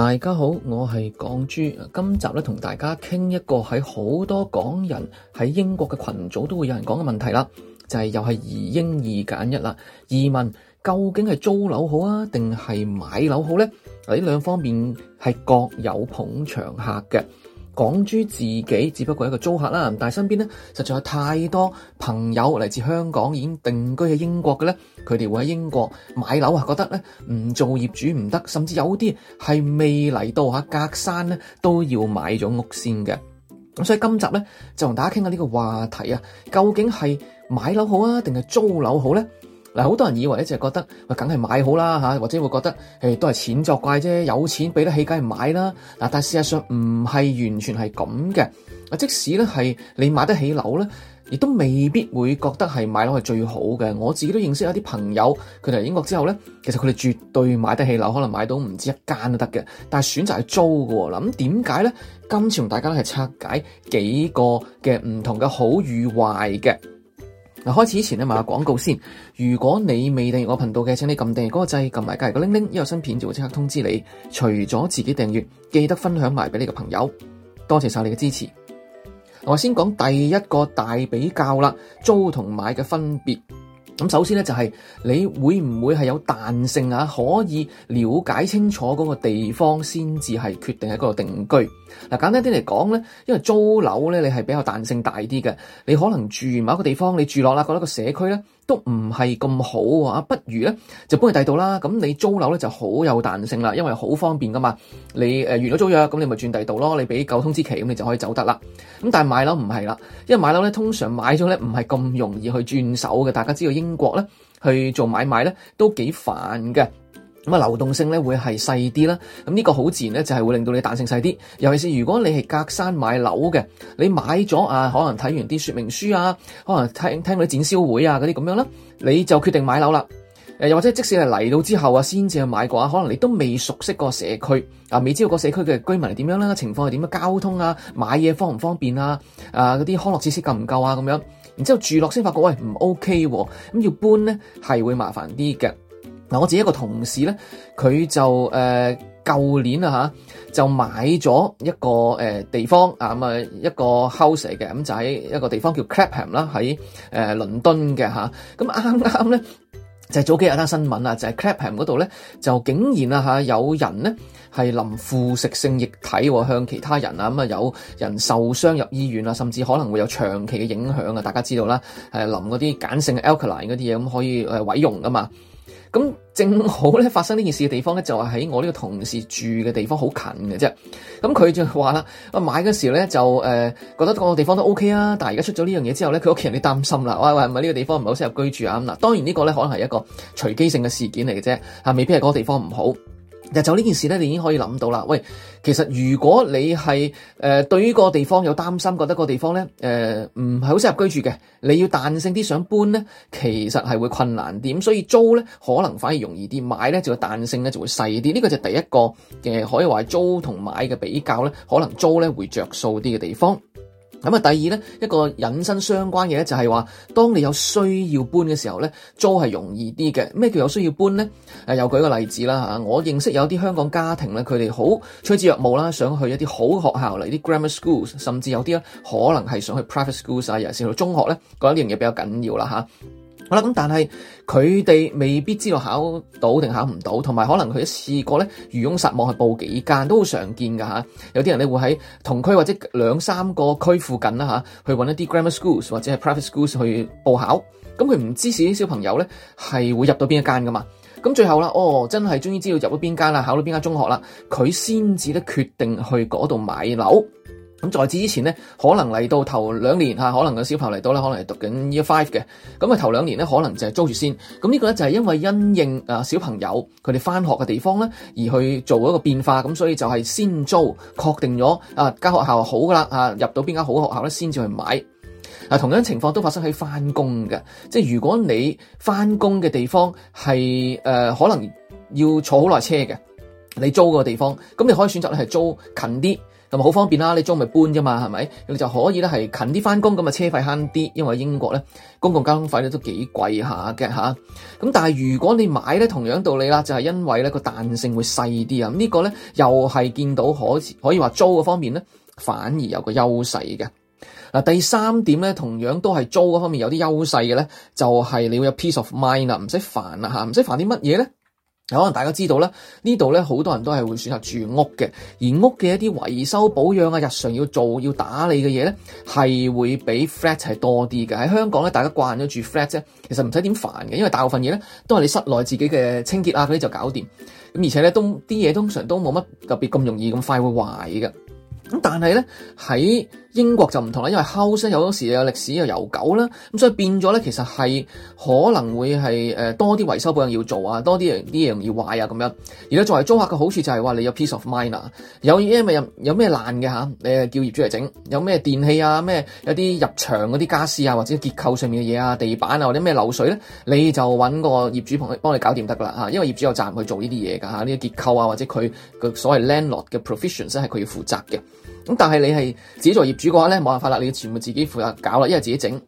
大家好，我係港豬，今集咧同大家傾一個喺好多港人喺英國嘅群組都會有人講嘅問題啦，就係又係移英二揀一啦。移民究竟係租樓好啊，定係買樓好咧？呢、啊、兩方面係各有捧場客嘅。港豬自己只不過一個租客啦，但係身邊咧實在有太多朋友嚟自香港已經定居喺英國嘅咧，佢哋會喺英國買樓啊，覺得咧唔做業主唔得，甚至有啲係未嚟到吓隔山咧都要買咗屋先嘅。咁所以今集咧就同大家傾下呢個話題啊，究竟係買樓好啊，定係租樓好咧？好多人以為咧就覺得，梗係買好啦嚇，或者會覺得，誒都係錢作怪啫，有錢畀得起梗係買啦。嗱，但事實上唔係完全係咁嘅。即使咧係你買得起樓咧，亦都未必會覺得係買樓係最好嘅。我自己都認識一啲朋友，佢哋嚟英國之後咧，其實佢哋絕對買得起樓，可能買到唔止一間都得嘅。但係選擇係租嘅喎。嗱，咁點解咧？今次同大家咧係拆解幾個嘅唔同嘅好與壞嘅。嗱，開始之前咧，賣下廣告先。如果你未訂閱我頻道嘅，請你撳訂嗰個掣，撳埋隔籬個鈴鈴，一有新片就會即刻通知你。除咗自己訂閱，記得分享埋俾你嘅朋友。多謝晒你嘅支持。我先講第一個大比較啦，租同買嘅分別。咁首先呢，就係你會唔會係有彈性啊？可以了解清楚嗰個地方先至係決定喺嗰度定居。嗱，簡單啲嚟講咧，因為租樓呢，你係比較彈性大啲嘅，你可能住某一個地方，你住落啦，覺得個社區呢，都唔係咁好啊，不如呢就搬去第二度啦。咁你租樓呢就好有彈性啦，因為好方便㗎嘛。你誒完咗租約，咁你咪轉第二度囉。你俾夠通知期，咁你就可以走得啦。咁但係買樓唔係啦，因為買樓呢通常買咗呢唔係咁容易去轉手嘅。大家知道英國呢去做買賣呢都幾煩嘅。咁啊，流動性咧會係細啲啦。咁、這、呢個好自然咧，就係會令到你彈性細啲。尤其是如果你係隔山買樓嘅，你買咗啊，可能睇完啲說明書啊，可能聽聽啲展銷會啊嗰啲咁樣啦，你就決定買樓啦。誒，又或者即使係嚟到之後啊，先至去買嘅話，可能你都未熟悉個社區啊，未知道個社區嘅居民係點樣啦，情況係點樣，交通啊，買嘢方唔方便啊，啊嗰啲康樂設施夠唔夠啊咁樣。然之後住落先發覺，喂、哎、唔 OK 喎、啊，咁要搬咧係會麻煩啲嘅。嗱，我自己一個同事咧，佢就誒舊年啊嚇，就買咗一個誒地方啊，咁啊一個 house 嘅，咁就喺一個地方叫 Clapham 啦，喺誒倫敦嘅嚇。咁啱啱咧就係早幾日單新聞啦，就係 Clapham 嗰度咧就竟然啊嚇有人咧係淋腐蝕性液體向其他人啊，咁啊有人受傷入醫院啊，甚至可能會有長期嘅影響啊。大家知道啦，係淋嗰啲鹼性 alkaline 嗰啲嘢，咁可以誒毀容噶嘛。咁正好咧，發生呢件事嘅地方咧，就係、是、喺我呢個同事住嘅地方很近的，好近嘅啫。咁佢就話啦，啊買嗰時咧就誒、呃、覺得個地方都 O、OK、K 啊，但係而家出咗呢樣嘢之後咧，佢屋企人都擔心啦，哇哇係咪呢個地方唔係好適合居住啊？嗯、當然這個呢個咧可能係一個隨機性嘅事件嚟嘅啫，未必係嗰個地方唔好。就呢件事咧，你已經可以諗到啦。喂，其實如果你係誒、呃、對於呢個地方有擔心，覺得個地方呢誒唔係好適合居住嘅，你要彈性啲想搬呢，其實係會困難啲。咁所以租呢，可能反而容易啲，買呢，就彈性咧就會細啲。呢、這個就是第一個、呃、可以話係租同買嘅比較呢，可能租咧會著數啲嘅地方。咁啊，第二咧一個引申相關嘅咧，就係話，當你有需要搬嘅時候咧，租係容易啲嘅。咩叫有需要搬咧？誒，又舉個例子啦嚇。我認識有啲香港家庭咧，佢哋好趨之若鶩啦，想去一啲好學校，嚟啲 grammar schools，甚至有啲咧可能係想去 private schools 尤其係去中學咧，嗰樣嘢比較緊要啦嚇。好啦，但係佢哋未必知道考到定考唔到，同埋可能佢一次過呢，魚翁撒網去報幾間都好常見噶吓，有啲人咧會喺同區或者兩三個區附近啦去搵一啲 grammar schools 或者係 private schools 去報考，咁佢唔知是啲小朋友呢係會入到邊一間噶嘛，咁最後啦，哦，真係終於知道入到邊間啦，考到邊間中學啦，佢先至咧決定去嗰度買樓。咁在此之前呢，可能嚟到頭兩年嚇，可能個小朋友嚟到呢，可能係讀緊 year five 嘅，咁啊頭兩年呢，可能就係租住先。咁呢個呢，就係、是、因為因應啊小朋友佢哋返學嘅地方呢，而去做一個變化，咁所以就係先租確定咗啊間學校好噶啦，啊入到邊間好嘅學校呢，先至去買。啊同樣情況都發生喺返工嘅，即係如果你返工嘅地方係誒、呃、可能要坐好耐車嘅，你租個地方，咁你可以選擇你係租近啲。咁好方便啦，你租咪搬啫嘛，係咪？咁你就可以咧，係近啲翻工，咁啊車費慳啲，因為英國咧公共交通費咧都幾貴下嘅嚇。咁、啊、但係如果你買咧，同樣道理啦，就係因為咧個彈性會細啲啊。這個、呢個咧又係見到可以可以話租嘅方面咧，反而有個優勢嘅。嗱、啊、第三點咧，同樣都係租嗰方面有啲優勢嘅咧，就係、是、你會有 peace of mind 啊，唔使煩啊嚇，唔使煩啲乜嘢咧。可能大家知道咧，呢度咧好多人都係會選擇住屋嘅，而屋嘅一啲維修保養啊、日常要做要打理嘅嘢咧，係會比 flat 係多啲嘅。喺香港咧，大家慣咗住 flat 啫，其實唔使點煩嘅，因為大部分嘢咧都係你室內自己嘅清潔啊嗰啲就搞掂。咁而且咧都啲嘢通常都冇乜特別咁容易咁快會壞嘅。咁但係咧喺英國就唔同啦，因為 house 咧有時有歷史又悠久啦，咁所以變咗咧其實係可能會係誒多啲維修保養要做啊，多啲啲嘢容易壞啊咁樣。而家作為租客嘅好處就係、是、話你有 piece of mind 啊，有嘢咪有咩爛嘅嚇，你叫業主嚟整，有咩電器啊、咩有啲入牆嗰啲傢俬啊，或者結構上面嘅嘢啊、地板啊或者咩漏水咧，你就揾個業主幫你你搞掂得噶啦嚇，因為業主有責任去做呢啲嘢噶嚇，呢啲結構啊或者佢嘅所謂 landlord 嘅 proficien、啊、cy 咧係佢要負責嘅。咁但係你係自己做業主嘅話咧，冇辦法啦，你要全部自己負責搞啦，因為自己整。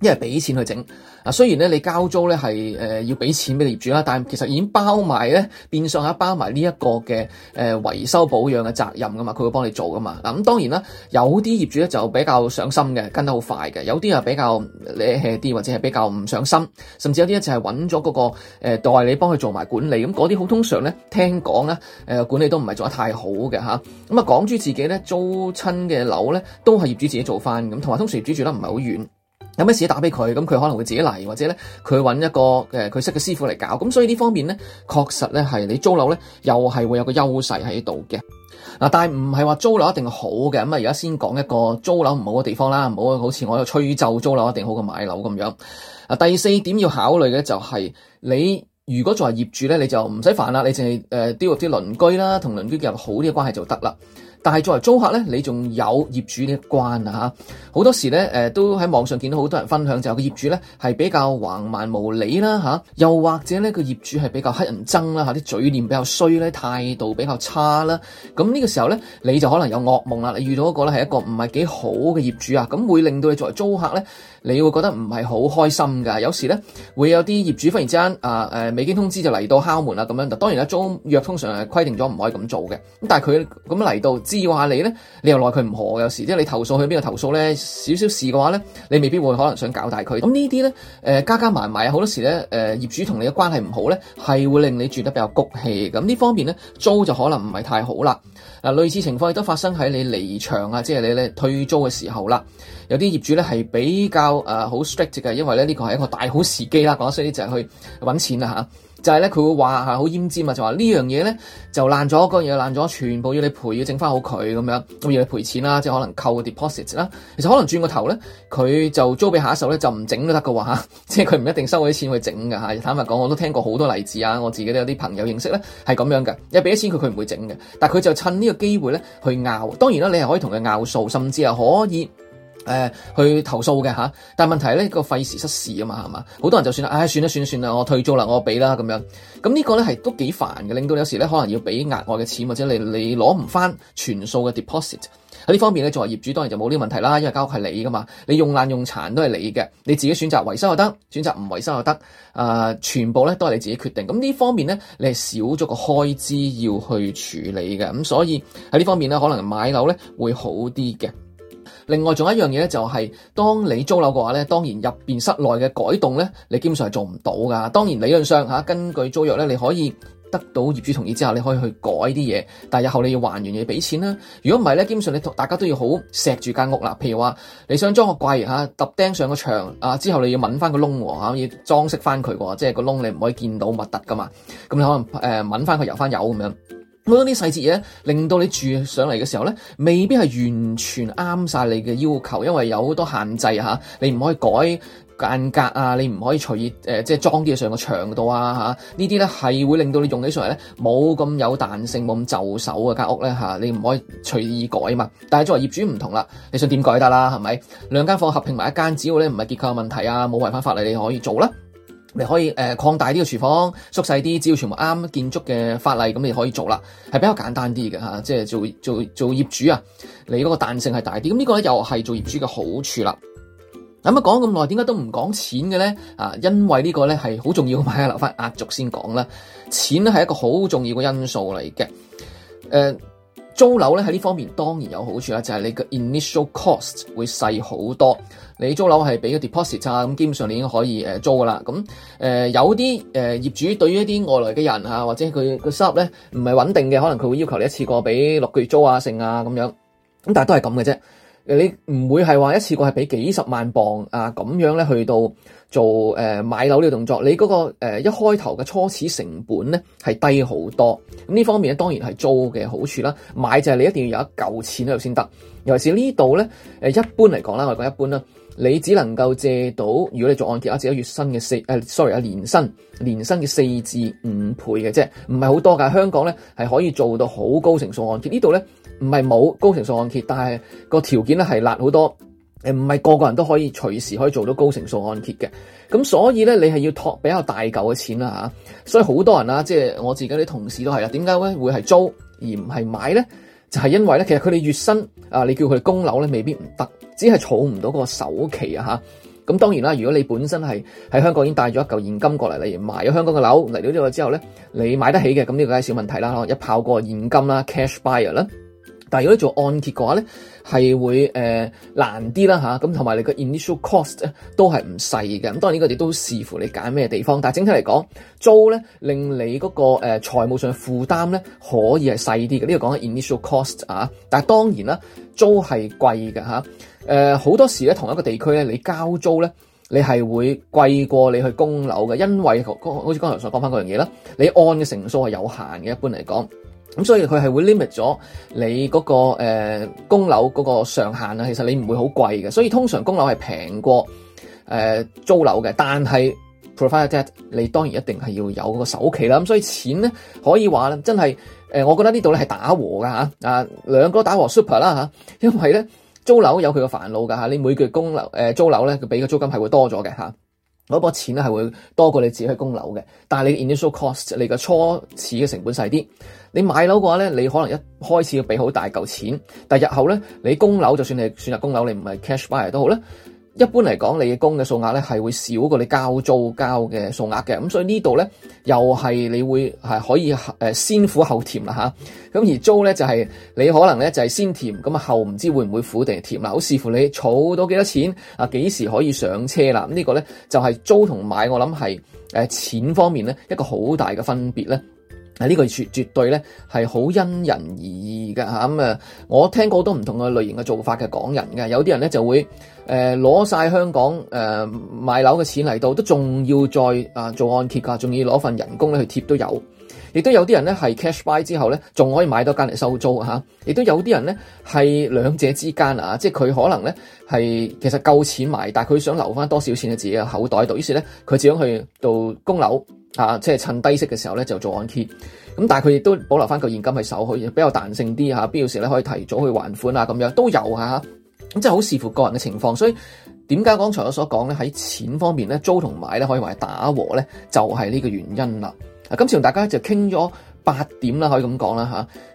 一係畀錢去整啊，雖然咧你交租咧係誒要畀錢畀你業主啦，但係其實已經包埋咧，變相啊包埋呢一個嘅誒維修保養嘅責任噶嘛，佢會幫你做噶嘛嗱。咁當然啦，有啲業主咧就比較上心嘅，跟得好快嘅；有啲啊比較叻啲，或者係比較唔上心，甚至有啲咧就係揾咗嗰個代理幫佢做埋管理咁，嗰啲好通常咧聽講咧誒管理都唔係做得太好嘅嚇咁啊。講住自己咧租親嘅樓咧都係業主自己做翻咁，同埋通常業主住得唔係好遠。有乜事打俾佢，咁佢可能會自己嚟，或者咧佢揾一個嘅佢識嘅師傅嚟搞，咁所以呢方面咧，確實咧係你租樓咧又係會有個優勢喺度嘅。嗱，但係唔係話租樓一定好嘅咁啊？而家先講一個租樓唔好嘅地方啦，唔好好似我吹奏租樓一定好過買樓咁樣。啊，第四點要考慮嘅就係，你如果作為業主咧，你就唔使煩啦，你淨係誒啲啲鄰居啦，同鄰居建好啲嘅關係就得啦。但係作為租客咧，你仲有業主呢一關啊！嚇好多時咧，誒都喺網上見到好多人分享，就係個業主咧係比較橫蠻無理啦嚇，又或者咧個業主係比較乞人憎啦嚇，啲嘴臉比較衰咧，態度比較差啦。咁呢個時候咧，你就可能有噩夢啦。你遇到一個咧係一個唔係幾好嘅業主啊，咁會令到你作為租客咧，你會覺得唔係好開心㗎。有時咧會有啲業主忽然之間啊誒未經通知就嚟到敲門啦咁樣。當然啦，租約通常係規定咗唔可以咁做嘅。咁但係佢咁嚟到話你咧，你又奈佢唔何，有時即係你投訴去邊度投訴呢？少少事嘅話呢，你未必會可能想搞大佢。咁呢啲呢，誒，加加埋埋好多時呢，誒，業主同你嘅關係唔好呢，係會令你住得比較谷氣。咁呢方面呢，租就可能唔係太好啦。嗱，類似情況亦都發生喺你離場啊，即係你咧退租嘅時候啦。.有啲業主咧係比較誒好、呃、strict 嘅，因為咧呢個係一個大好時機啦。講得衰啲就係去揾錢啦嚇。就係咧佢會話嚇好奄尖啊，就話、是、呢、啊、呢樣嘢咧就爛咗，個嘢爛咗，全部要你賠要整返好佢咁樣，要你賠錢啦、啊，即係可能扣個 deposit 啦、啊。其實可能轉個頭咧，佢就租俾下一手咧，就唔整都得㗎嚇，即係佢唔一定收嗰啲錢去整嘅嚇、啊。坦白講，我都聽過好多例子啊，我自己都有啲朋友認識咧係咁樣嘅，一俾錢佢佢唔會整嘅，但佢就趁呢個機會咧去拗。當然啦、啊，你係可以同佢拗數，甚至係可以，誒、呃、去投訴嘅嚇，但係問題咧，個費時失事啊嘛，係嘛，好多人就算啦，唉、哎，算啦算啦算啦，我退租啦，我俾啦咁樣，咁呢個咧係都幾煩嘅，令到你有時咧可能要俾額外嘅錢，或者你你攞唔返全數嘅 deposit。喺呢方面咧，作為業主當然就冇呢個問題啦，因為間屋係你㗎嘛，你用爛用殘都係你嘅，你自己選擇維修又得，選擇唔維修又得，啊、呃，全部咧都係你自己決定，咁、呃、呢方面咧你係少咗個開支要去處理嘅，咁所以喺呢方面咧可能買樓咧會好啲嘅。另外仲有一樣嘢咧，就係當你租樓嘅話咧，當然入邊室內嘅改動咧，你基本上係做唔到噶。當然理論上嚇，根據租約咧，你可以得到業主同意之後，你可以去改啲嘢。但係以後你要還完嘢俾錢啦。如果唔係咧，基本上你大家都要好錫住間屋啦。譬如話，你想裝個櫃嚇，揼釘上個牆啊，之後你要揞翻個窿喎嚇，要裝飾翻佢喎，即係個窿你唔可以見到密突噶嘛。咁你可能誒揞翻佢，油翻油咁樣。咁樣啲細節嘢，令到你住上嚟嘅時候咧，未必係完全啱晒你嘅要求，因為有好多限制嚇，你唔可以改間隔啊，你唔可以隨意誒即係裝啲嘢上個牆度啊嚇，呢啲咧係會令到你用起上嚟咧冇咁有彈性，冇咁就手嘅間屋咧嚇，你唔可以隨意改啊嘛。但係作為業主唔同啦，你想點改得啦？係咪兩間房間合併埋一間，只要咧唔係結構問題啊，冇違反法例，你可以做啦。你可以誒、呃、擴大啲個廚房，縮細啲，只要全部啱建築嘅法例，咁你可以做啦，係比較簡單啲嘅嚇，即係做做做業主啊，你嗰個彈性係大啲，咁呢個咧又係做業主嘅好處啦。咁啊講咁耐，點解都唔講錢嘅咧？啊，因為呢個咧係好重要嘅，我咪留翻壓軸先講啦。錢咧係一個好重要嘅因素嚟嘅，誒、呃。租樓咧喺呢方面當然有好處啦，就係、是、你嘅 initial cost 會細好多。你租樓係俾個 deposit 咋，咁基本上你已經可以誒租噶啦。咁誒、呃、有啲誒、呃、業主對於一啲外來嘅人啊，或者佢個收入咧唔係穩定嘅，可能佢會要求你一次過俾六個月租啊、剩啊咁樣。咁但係都係咁嘅啫。你唔會係話一次過係畀幾十萬磅啊咁樣咧，去到做誒、呃、買樓呢個動作，你嗰、嗰個、呃、一開頭嘅初始成本咧，係低好多。咁呢方面咧，當然係租嘅好處啦，買就係你一定要有一嚿錢喺度先得。尤其是呢度咧，誒一般嚟講啦，我哋講一般啦，你只能夠借到，如果你做按揭啊，借一月薪嘅四誒、呃、sorry，一年薪年薪嘅四至五倍嘅啫，唔係好多㗎。香港咧係可以做到好高成數按揭，呢度咧。唔係冇高成數按揭，但係個條件咧係辣好多誒，唔係個個人都可以隨時可以做到高成數按揭嘅。咁所以咧，你係要托比較大嚿嘅錢啦嚇、啊。所以好多人啊，即係我自己啲同事都係啦。點解會會係租而唔係買咧？就係、是、因為咧，其實佢哋月薪啊，你叫佢供樓咧，未必唔得，只係儲唔到個首期啊嚇。咁當然啦，如果你本身係喺香港已經帶咗一嚿現金過嚟，例如買咗香港嘅樓嚟到呢度之後咧，你買得起嘅，咁呢個梗係小問題啦。一炮過現金啦，cash buyer 啦、啊。但係如果你做按揭嘅話咧，係會誒、呃、難啲啦嚇，咁同埋你個 initial cost 咧都係唔細嘅。咁當然呢個亦都視乎你揀咩地方。但係整體嚟講，租咧令你嗰、那個誒、呃、財務上負擔咧可以係細啲嘅。呢、這個講緊 initial cost 啊，但係當然啦，租係貴嘅嚇。誒、啊、好多時咧同一個地區咧，你交租咧，你係會貴過你去供樓嘅，因為好似剛才所講返嗰樣嘢啦，你按嘅成數係有限嘅，一般嚟講。咁所以佢係會 limit 咗你嗰個誒供樓嗰個上限啊，其實你唔會好貴嘅，所以通常供樓係平過誒租樓嘅。但係 provide rent 你當然一定係要有嗰個首期啦。咁所以錢呢可以話呢真係誒，我覺得呢度呢係打和嘅嚇啊，兩個打和 super 啦嚇，因為呢租樓有佢嘅煩惱㗎嚇，你每個月供樓誒租樓呢，佢俾嘅租金係會多咗嘅嚇。攞嗰筆錢咧係會多過你自己去供樓嘅，但係你嘅 initial cost 你嘅初始嘅成本細啲。你買樓嘅話咧，你可能一開始要俾好大嚿錢，但係日後咧你供樓，就算你選擇供樓，你唔係 cash buy 都好啦。一般嚟講，你嘅供嘅數額咧係會少過你交租交嘅數額嘅，咁所以呢度咧又係你會係可以誒先苦後甜啦嚇，咁、啊、而租咧就係、是、你可能咧就係先甜，咁啊後唔知會唔會苦定係甜啦，好視乎你儲到幾多錢啊幾時可以上車啦，啊這個、呢個咧就係、是、租同買我諗係誒錢方面咧一個好大嘅分別咧。係呢、啊呢個絕絕對係好因人而異嘅、啊、我聽過好多唔同嘅類型嘅做法嘅港人嘅，有啲人就會誒攞曬香港誒、呃、買樓嘅錢嚟到，都仲要再、啊、做按揭㗎，仲要攞份人工去貼都有。亦都有啲人咧係 cash buy 之後咧，仲可以買多間嚟收租嚇。亦、啊、都有啲人咧係兩者之間啊，即係佢可能咧係其實夠錢買，但係佢想留返多少錢喺自己嘅口袋度，於是呢，佢只樣去到供樓。啊，即係趁低息嘅時候咧，就做按揭。咁但係佢亦都保留翻個現金喺手，可以比較彈性啲嚇。必要時咧，可以提早去還款等等啊。咁樣都有嚇。咁即係好視乎個人嘅情況。所以點解剛才我所講咧喺，錢方面咧，租同買咧可以話係打和咧，就係呢個原因啦。啊，今次同大家就傾咗八點啦，可以咁講啦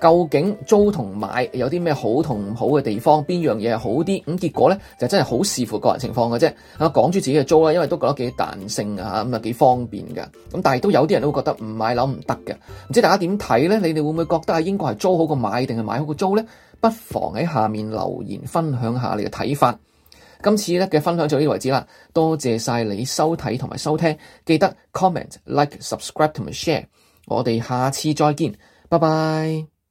嚇。究竟租同買有啲咩好同唔好嘅地方？邊樣嘢係好啲？咁結果咧就真係好視乎個人情況嘅啫。嚇，講住自己嘅租啦，因為都覺得幾彈性嘅嚇，咁啊幾方便嘅。咁但係都有啲人都覺得唔買樓唔得嘅。唔知大家點睇咧？你哋會唔會覺得喺英國係租好過買，定係買好過租咧？不妨喺下面留言分享下你嘅睇法。今次咧嘅分享就到呢度為止啦。多謝晒你收睇同埋收聽，記得 comment、like、subscribe 同埋 share。我哋下次再見，拜拜。